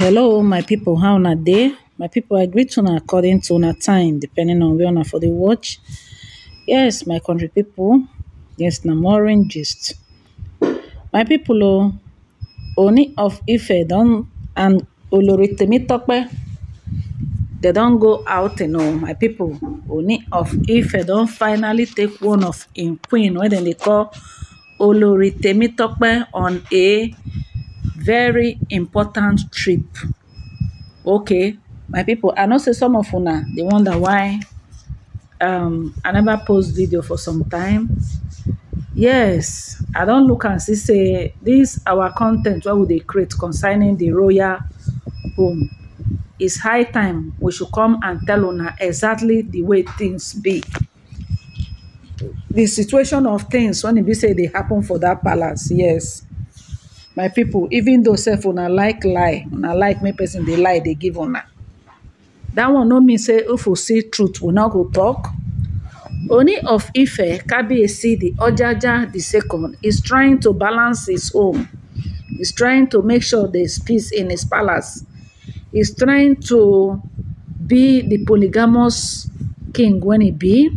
hello my people. how na dey my people, i greet una according to una time depending on where una for the watch yes my country people. yes na morning gist my people, oh, Ooni of Ife don and Olori Temitope They don go out, you know. my people, Ooni of Ife don finally take one of im queen wey dem dey call Olori Temitope on a very important trip okay my people i know say some of una they wonder why um i never post video for some time yes i don't look and see say this, our content wey would they create concerning the royal home It's high time we should come and tell una exactly the way things be The situation of things. when e be say they e happen for that palace yes my people, even though sef a like lie a like me person they lie they give una That one no mean say if we see truth we not go talk. Only of Ife, see the Ojaja the second, is trying to balance his home. He's trying to make sure there's peace in his palace. He's trying to be the polygamous king when he be.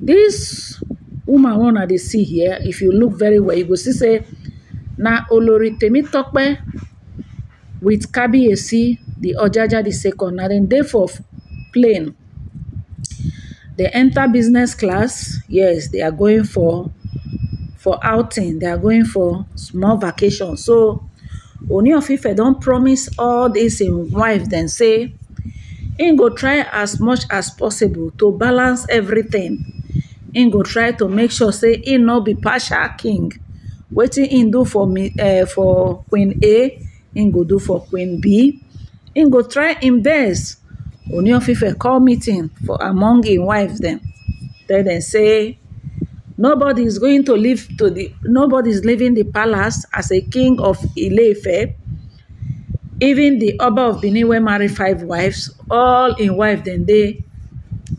This woman wanna they see here, if you look very well, you go see say na Olori tokwe with Kabiyesi, the Ojaja second, Now then dey for plane. They enter business class. Yes, they are going for for outing. They are going for small vacation. So if of Ife not promise all this in wife then say im go try as much as possible to balance everything. Im go try to make sure say im no be partial king. Waiting in do for me, eh, for queen a in go do for queen b in go try him best oni if ife call meeting for among in wife them, then say nobody is going to live to the nobody is leaving the palace as a king of ileife even the oba of benin wey marry five wives all in wife then they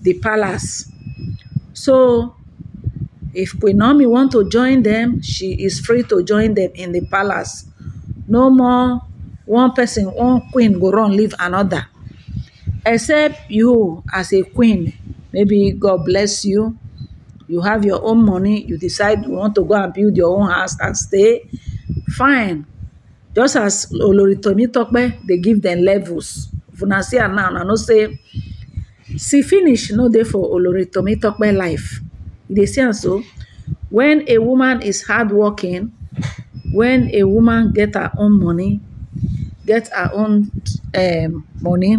the palace so If Queen Naomi want to join them, she is free to join them in the palace. No more one person, one queen go run leave another. Except you as a queen, maybe God bless you, you have your own money, you decide you want to go and build your own house and stay, fine. Just as Oloritomi Tomi Tope, they give them levels. If una see am now, una know say see finish no dey for Olori Tomi life they see am so when a woman is hardworking when a woman get her own money get her own um, money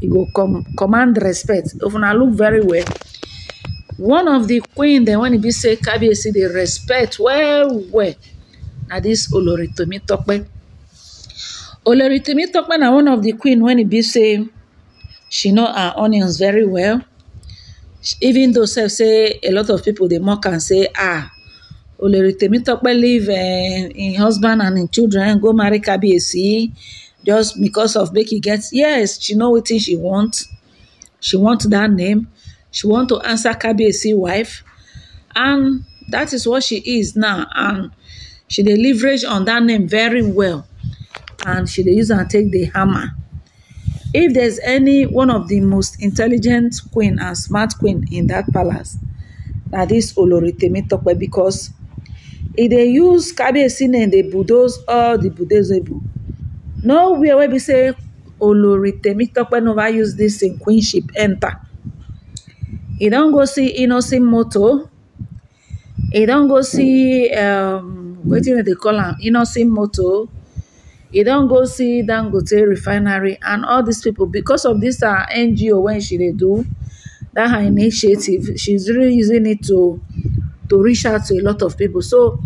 e go com command respect if una look very well one of the queen dem when e be say kabiyesi dey respect well well na this olori Temitope olori Temitope na one of the queen when e be say she know her onions very well even though sef say a lot of people, dey mock am say ah olori temitope leave eh, im husband and im children go marry kabiyesi just because of make e get yes she know wetin she want she want dat name she want to answer kabiyesi wife and dat is what she is now and she dey leverage on dat name very well and she dey use am take dey hammer if there's any one of the most intelligent queen and smart queen in that palace na this olori temitope because e dey use kabiyesi name dey bulldoze all the bulldozable nowhere wey be say olori temitope never use this im queenship enter e don go see innocent moto e don go see um, wetin dem dey call am innocent moto e don go see dangote refinery and all these people because of dis her ngo When she they do that her initiative she's really using it to to reach out to a lot of people. so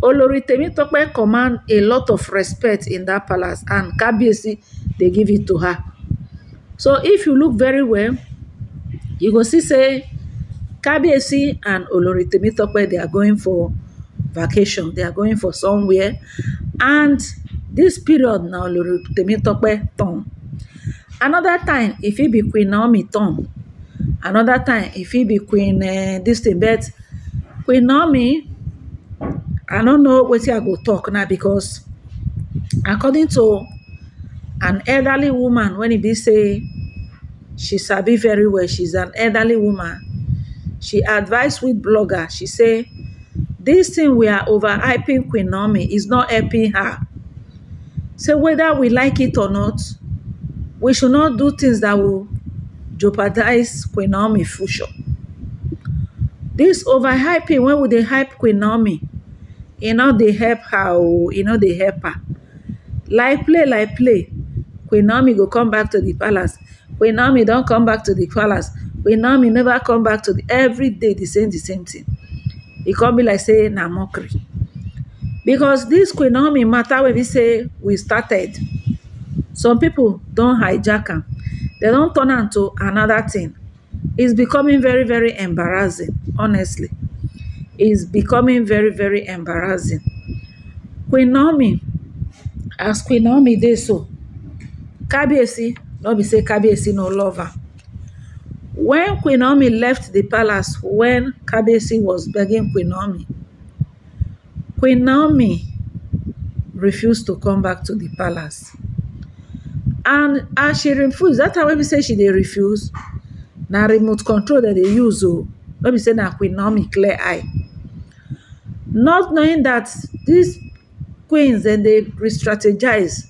olori temitope command a lot of respect in that palace and kabiyesi they give it to her so if you look very well you go see say kabiyesi and olori temitope they are going for vacation they are going for somewhere and This period na olorotemi turn another time e fit be queen naomi turn another time e fit be queen eh, this thing but queen naomi i no know wetin i go talk now because according to an elderly woman wen e be say she sabi very well she's an elderly woman she advise with blogger she say this thing we are over hyping queen naomi is not helping her So whether we like it or not we should not do things that will jeopardize queen naomi future dis overhyping when we dey hype queen naomi e no dey help her You know e they dey help her like play like play queen naomi go come back to the palace queen naomi don come back to the palace queen naomi never come back to the. Every day di same the same thing. e come be like say na mockery because this queen naomi matter wey we say we started some people don't hijack they don't turn into another thing. its becoming very very embarrassing honestly its becoming very very embarrassing queen naomi as queen naomi dey so kabiyesi no be say kabiyesi no lover. When queen naomi left the palace when kabiyesi was begging queen naomi Queen Naomi refused to come back to the palace. And as she refused, that time when we say she They refuse, na remote control that they use Oh, let me say na Queen Naomi clear eye. Not knowing that these queens and they re-strategize.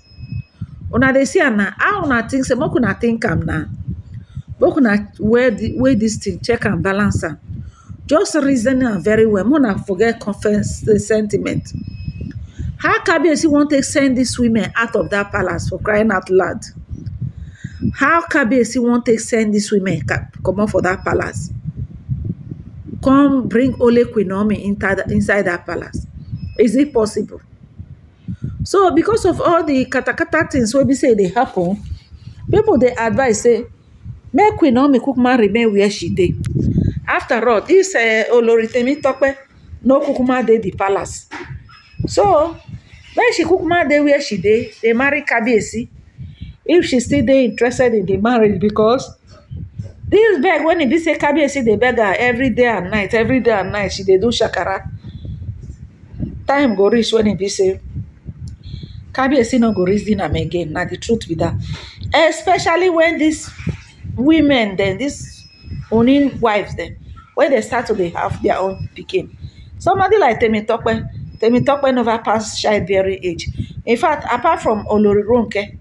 Una dey see am na how una think say make una think am na. where una weigh dis thing, check and balance am. Just reason am very well. More na forget confess the eh, sentiment. How Kabiyesi wan take send these women out of that palace for crying out loud? How Kabiyesi wan take send these women comot for that palace? Come bring Ole Queen inside, inside that palace. Is it possible? So because of all the katakata things wey be say dey happen, people dey advise say make Queen Naomi kukuma remain where she dey after all this uh, eh, olori temitope no kukuma dey the palace so when she kukuma dey where she dey dey marry kabiyesi if she still dey interested in the marriage because this beg when e be say kabiyesi dey beg her every day and night every day and night she dey do shakara time go reach when e be say kabiyesi no go reach dinam again na the truth be that especially when these women dem these own wives dem wen dem start to dey have their own pikin somebody like temitope temitope never pass childbearing age in fact apart from oloronke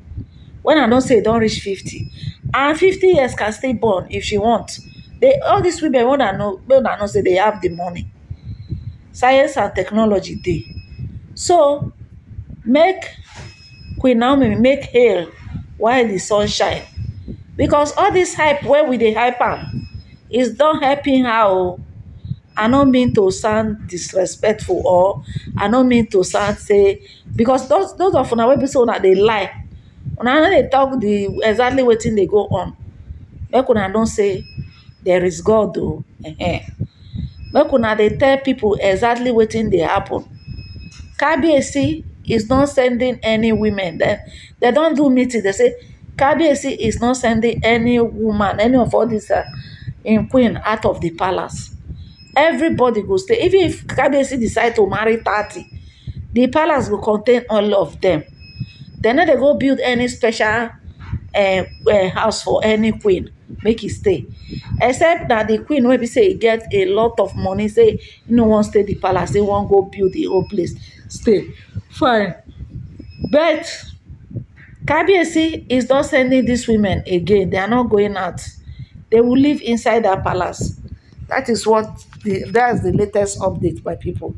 when i don say e don reach fifty, and fifty years can still born if she want They all these women wey una know know say they have the money science and technology dey so make queen naomi make hail while the sun shine because all this hype wey we dey hype am is not helping her oh. i don't mean to sound disrespectful or i don't mean to sound say because those those of una wey be say una lie when no dey talk the exactly what thing they go on make I don't say there is god o oh. eh make una they tell people exactly what thing they happen KBC is not sending any women dem they don't do meetings. They say KBC is not sending any woman any of all these uh, In queen out of the palace everybody go stay even if kabiyesi decide to marry thirty the palace will contain all of them. dem no go build any special eh, eh, house for any queen make it e stay except that the queen maybe say e get a lot of money say e no one stay the palace they won't go build the whole place stay fine but KBC is not sending these women again they are not going out they will live inside that palace. That is what the, is the latest update by people.